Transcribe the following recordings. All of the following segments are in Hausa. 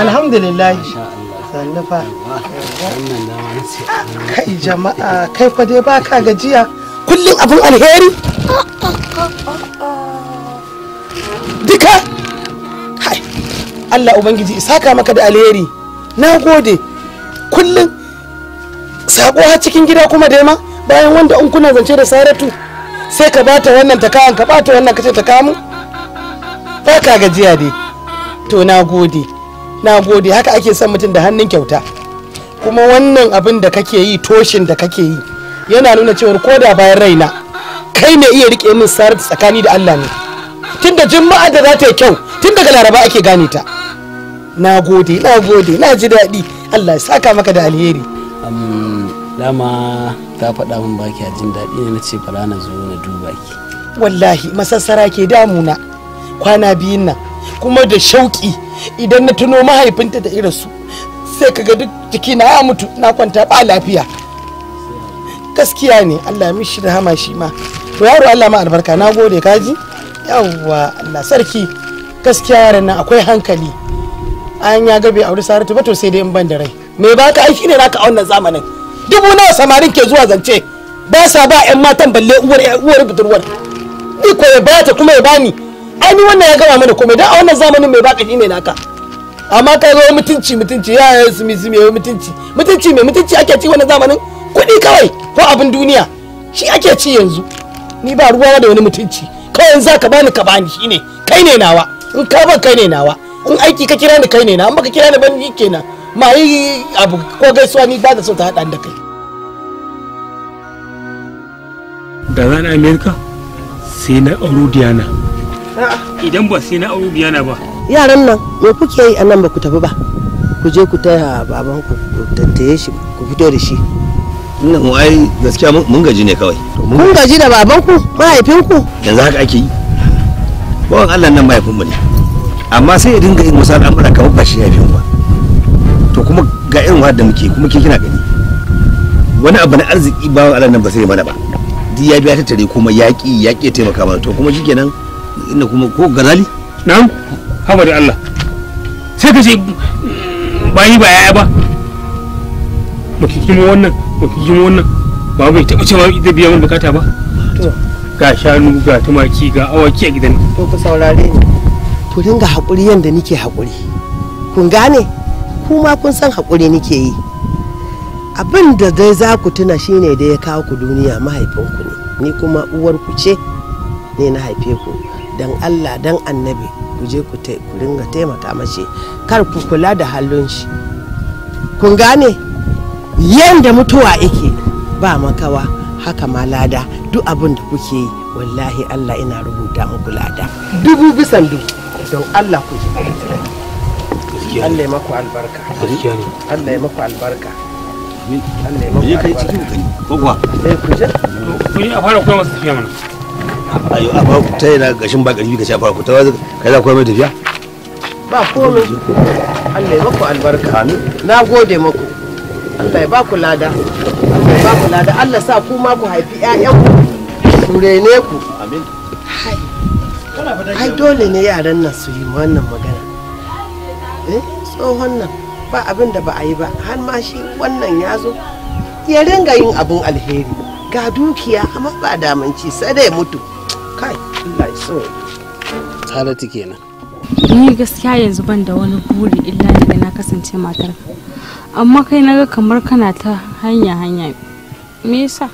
alhamdulillah sannufa kai jama'a kai fa dai baka gajiya kullum abin alheri duka Allah Ubangiji saka maka da alheri na gode kullum sako har cikin gida kuma dai ma bayan wanda in kuna zance da saratu sai ka bata wannan ta kayan ka bata wannan ka ce ta kamu ba ka gajiya dai to na gode na gode haka ake son mutum da hannun kyauta kuma wannan abin da kake yi toshin da kake yi yana nuna cewa ko da bayan raina kai ne iya rike min sar tsakani da Allah ne tun da juma'a da za ta yi kyau tun daga laraba ake gane ta na gode na gode na ji daɗi Allah ya saka maka da alheri dama ta faɗa min baki a jin daɗi ne na ce fara na zo na duba ki wallahi masassara ke damuna kwana biyun nan kuma da shauƙi idan na tuno mahaifinta da irinsu sai kaga duk jiki na ya mutu na kwanta ba lafiya gaskiya ne Allah mi shi rahama shi ma to yaro Allah ma albarka na gode kaji yawwa Allah sarki gaskiya yaran nan akwai hankali an ya gabe aure saratu ba to sai dai in ban da rai me baka aiki ne naka a wannan zamanin dubu nawa samarin ke zuwa zance ba sa ba yan matan balle uwar uwar budurwar ni ko ya bata kuma ya bani ainihin wannan ya gama mana komai dan a wannan zamanin mai baka shine naka amma ka zo mutunci mutunci ya yi su mizi mai mutunci mutunci mai mutunci ake ci wannan zamanin kuɗi kawai ko abin duniya shi ake ci yanzu ni ba ruwa da wani mutunci kawai yanzu ka bani ka bani shine kai ne nawa in ka ban kai ne nawa in aiki ka kira ni kai ne na in baka kira ni ban ni kenan ma yi abu ko gaisuwa ni ba da so ta hada da kai da zan amerika sai na auro diana Idan ba sai na abubu biyana ba. Yaran nan me kuke yi anan ba ku tafi ba? Ku je ku taya baban ku tattaye shi ku fito da shi. Ina mu ai gaskiya mun gaji ne kawai. Mun gaji da baban ku mahaifin ku. Yanzu haka ake yi. Bawan Allah nan mahaifin mu ne. Amma sai ya dinga yin wasu al'amura kamar ba shi fi ba. To kuma ga irin wadda muke kuma ke kina gani. Wani abu na arziki bawan Allah nan ba sai mana ba. Duk ya biya ta tare kuma yaƙi yaƙi ya taimaka mana to kuma shikenan inda kuma ko gazali na'am haba da Allah sai ka ce ba yi ba yaya ba baki kimo wannan baki kimo wannan ba bai taɓa cewa zai biya min bukata ba ga shanu ga tumaki ga awaki a gidan to ku saurare ni ku dinga haƙuri yanda nike haƙuri kun gane kuma kun san haƙuri nike yi abin da dai za ku tuna shine da ya kawo ku duniya mahaifinku ne ni kuma uwarku ce ne na haife ku dan allah dan annabi ku je ku ringa taimaka mashi kar ku kula da halin shi kun gane yadda mutuwa yake ba makawa haka ma lada duk abin da kuke yi wallahi allah ina rubuta muku lada dubu bisan dubu don allah ku ji allah ya maku albarka allah ya maku albarka Allah ya maku albarka. Eh, ku je. Ku yi a fara koyar masu tafiya mana. ayo a baku ta yana gashin ba ƙarfi ka shafa ku ta kai ka za ku mai tafiya ba komai Allah ya maku albarka na gode maku Allah ya baku lada Allah ya baku lada Allah sa ku ma ku haifi ƴaƴanku ku rene ku amin ai dole ne yaran nan su yi wannan magana eh tsohon nan ba abin da ba a yi ba har ma shi wannan ya zo ya ringa yin abin alheri ga dukiya amma ba damanci sai dai mutu kai Allah so Saratu kenan ni gaskiya yanzu ban da wani buri illa daga na kasance matar amma kai naga kamar kana ta hanya hanya me yasa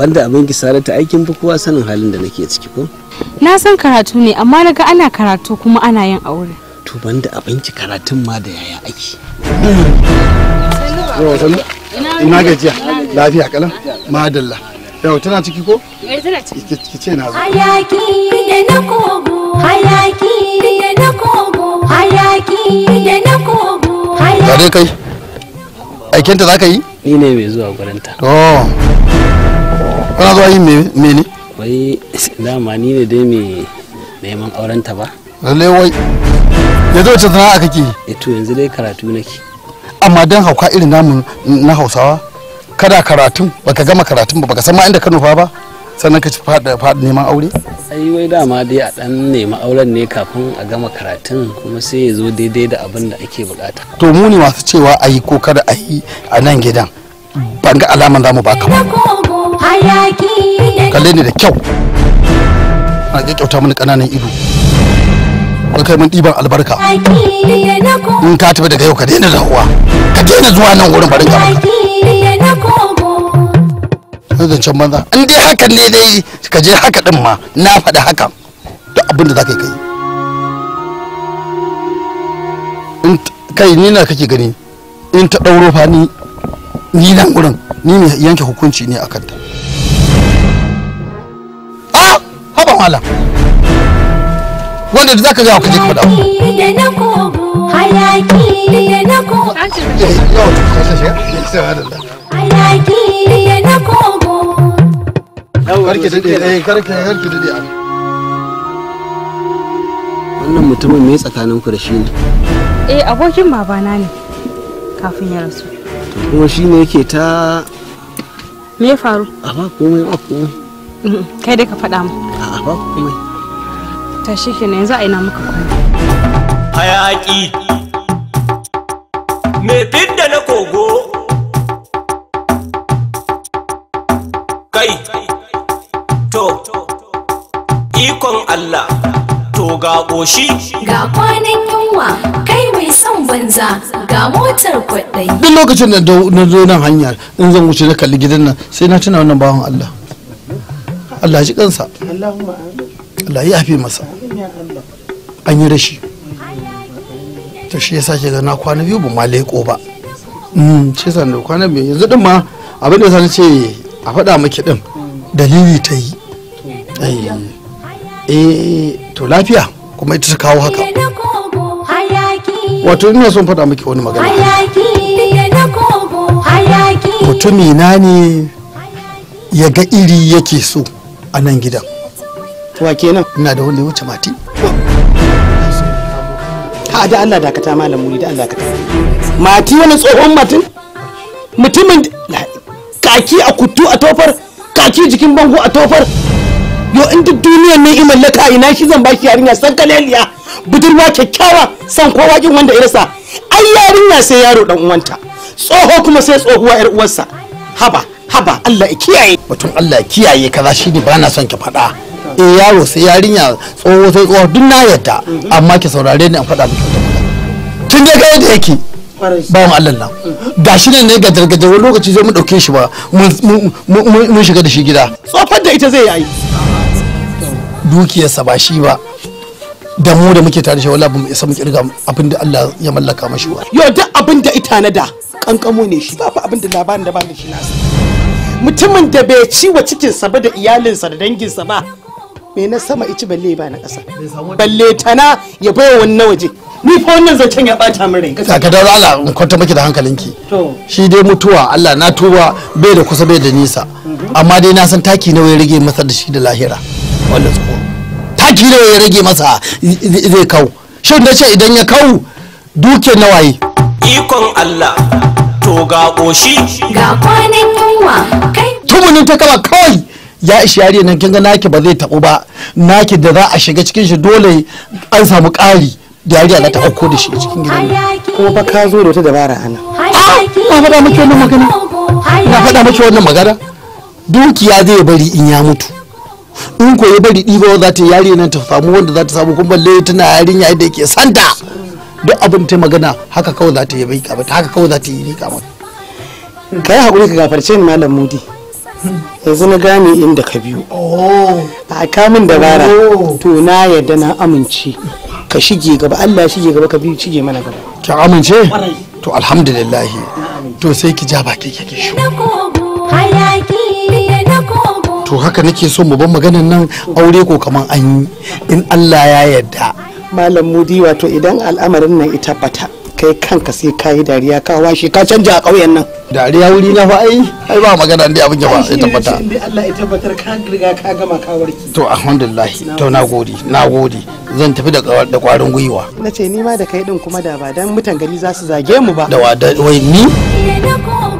banda abin ki Saratu aikin fi kowa sanin halin da nake ciki ko na san karatu ne amma naga ana karatu kuma ana yin aure to banda abin ki karatun ma da yaya ake ina gajiya lafiya kalam madalla yau tana ciki ko eh tana ciki ki ce na zo hayaki da na kogo hayaki da na kogo hayaki da na kogo hayaki kai aikinta za ka yi ni ne mai zuwa gurinta oh kana zuwa yi me ne wai dama ni ne dai mai neman aurenta ba lalle wai yanzu wace sana'a kake yi eh, to yanzu dai karatu nake amma dan hauka irin namu na hausawa kada karatun baka gama karatun ba baka san ma inda ka nufa ba sannan ka ci fada neman aure ai wai dama dai a dan nemi auren ne kafin a gama karatun kuma sai ya zo daidai da abin da ake bukata to mu ne masu cewa a yi ko kada a yi a nan gidan ban ga alaman zamu baka ba kalle ni da kyau ga kyauta mini kananan ido ka kai mun ɗiban albarka in ka tafi daga yau ka daina zahuwa ka daina zuwa nan wurin barin ka da zancen banza in dai hakan ne dai ka je haka din ma na faɗi hakan duk abin da za ka yi kai kai ni na kake gani in ta ɗauro fa ni ni nan gurin ni ne yanke hukunci ne a kanta a haba mala wanda da zaka ga ka je ka faɗa hayaki da na ko eh, hayaki karki dade eh karki karki a wannan mutumin me tsakanin ku da shi ne eh abokin babana ne kafin ya rasu kuma shi ne yake ta me ya faru a ba komai ba komai kai dai ka faɗa mu a ba komai ta shi kenan yanzu a ina muka kwana hayaki Allah to ga ƙoshi ga kwanan yunwa kai mai son banza ga motar kwaɗai duk lokacin da na zo nan hanya in zan wuce na kalli gidan nan sai na tuna wannan bawan Allah Allah shi kansa Allah ya fi masa an yi rashi to shi yasa ke zana na kwana biyu ba ma leƙo ba mm, shi san da kwana biyu yanzu din ma abin da sa ce a faɗa maki din dalili ta yi eh. eh to lafiya kuma ita ta kawo haka wato ina son faɗa miki wani magana mutumi na ne ya ga iri yake so a nan gidan wa kenan ina da wanda ya wuce mati ha da Allah dakata malam muni da Allah dakata mati wani tsohon mutum mutumin kaki a kutu a tofar kaki jikin bango a tofar yo in duk duniyar nan in mallaka ina shi zan bashi yarinya san kaleliya budurwa kyakkyawa san kowa kin wanda irsa ai yarinya sai yaro dan uwanta tsoho kuma sai tsohuwa yar uwarsa haba haba Allah ya kiyaye mutum Allah ya kiyaye kaza shine ba na son ki faɗa eh yaro sai yarinya tsoho sai tsoho duk na yadda amma ki saurare ni an faɗa miki tun da ga yadda yake bawan Allah nan da shi ne ga dargajar wani lokaci zai mu ɗauke shi ba mun shiga da shi gida tsofar da ita zai yi dukiyarsa ba shi ba da mu da muke tare da shi wallahi ba mu isa mu kirga abin da Allah ya mallaka mashi ba yo duk abin da ita na da kankamo ne shi ba abin da labarin da ba da shi nasa mutumin da bai ci wa cikinsa ba da iyalinsa da danginsa ba me na sama ici balle ba na ƙasa balle tana ya bai wani waje ni fa wannan zancen ya bata min rai ka dawo Allah in kwanta miki da hankalinki shi dai mutuwa Allah na tuba bai da kusa bai da nisa mhm. amma dai na san taki na wai rage masa da shi da lahira wanda tsohon taki da ya rage masa zai kau shin da ce idan ya kau duke waye? ikon Allah to ga koshi ga kwanan yunwa kai tumunin ta kama kawai ya ishi yare nan kin ga naki ba zai tabu ba naki da za a shiga cikin shi dole an samu ƙari da yariya za ta auko da shi cikin gidan ko ba ka zo da wata dabara ana ah, ba faɗa muke wannan magana na faɗa muke wannan magana dukiya zai bari in ya mutu in ko ya bari ɗiba za ta yari nan ta samu wanda za ta samu kuma balle tana yarinya da yake santa duk abin ta magana haka kawai za ta yi bai kamata haka kawai za ta yi rika mata ka yi ka gafarce ni malam mudi yanzu na gane inda ka biyu oh. a kamun dabara oh. to na yadda na amince ka shige gaba Allah ya shige gaba ka biyo shige mana gaba ki amince to alhamdulillah to sai ki ja baki kike shi to haka nake so mu ban maganan nan aure ko kaman an yi in Allah ya yarda malam mudi wato idan al'amarin nan ita fata kai kanka sai ka yi dariya ka washe ka canja a ƙauyen nan dariya wuri na fa ai ai ba magana dai abin ba sai tabbata in dai Allah ya tabbatar ka riga ka gama ka warki to alhamdulillah to nagode nagode zan tafi da da kwarin gwiwa nace ni ma da kai din kuma da ba dan mutan gari za su zage mu ba da wai ni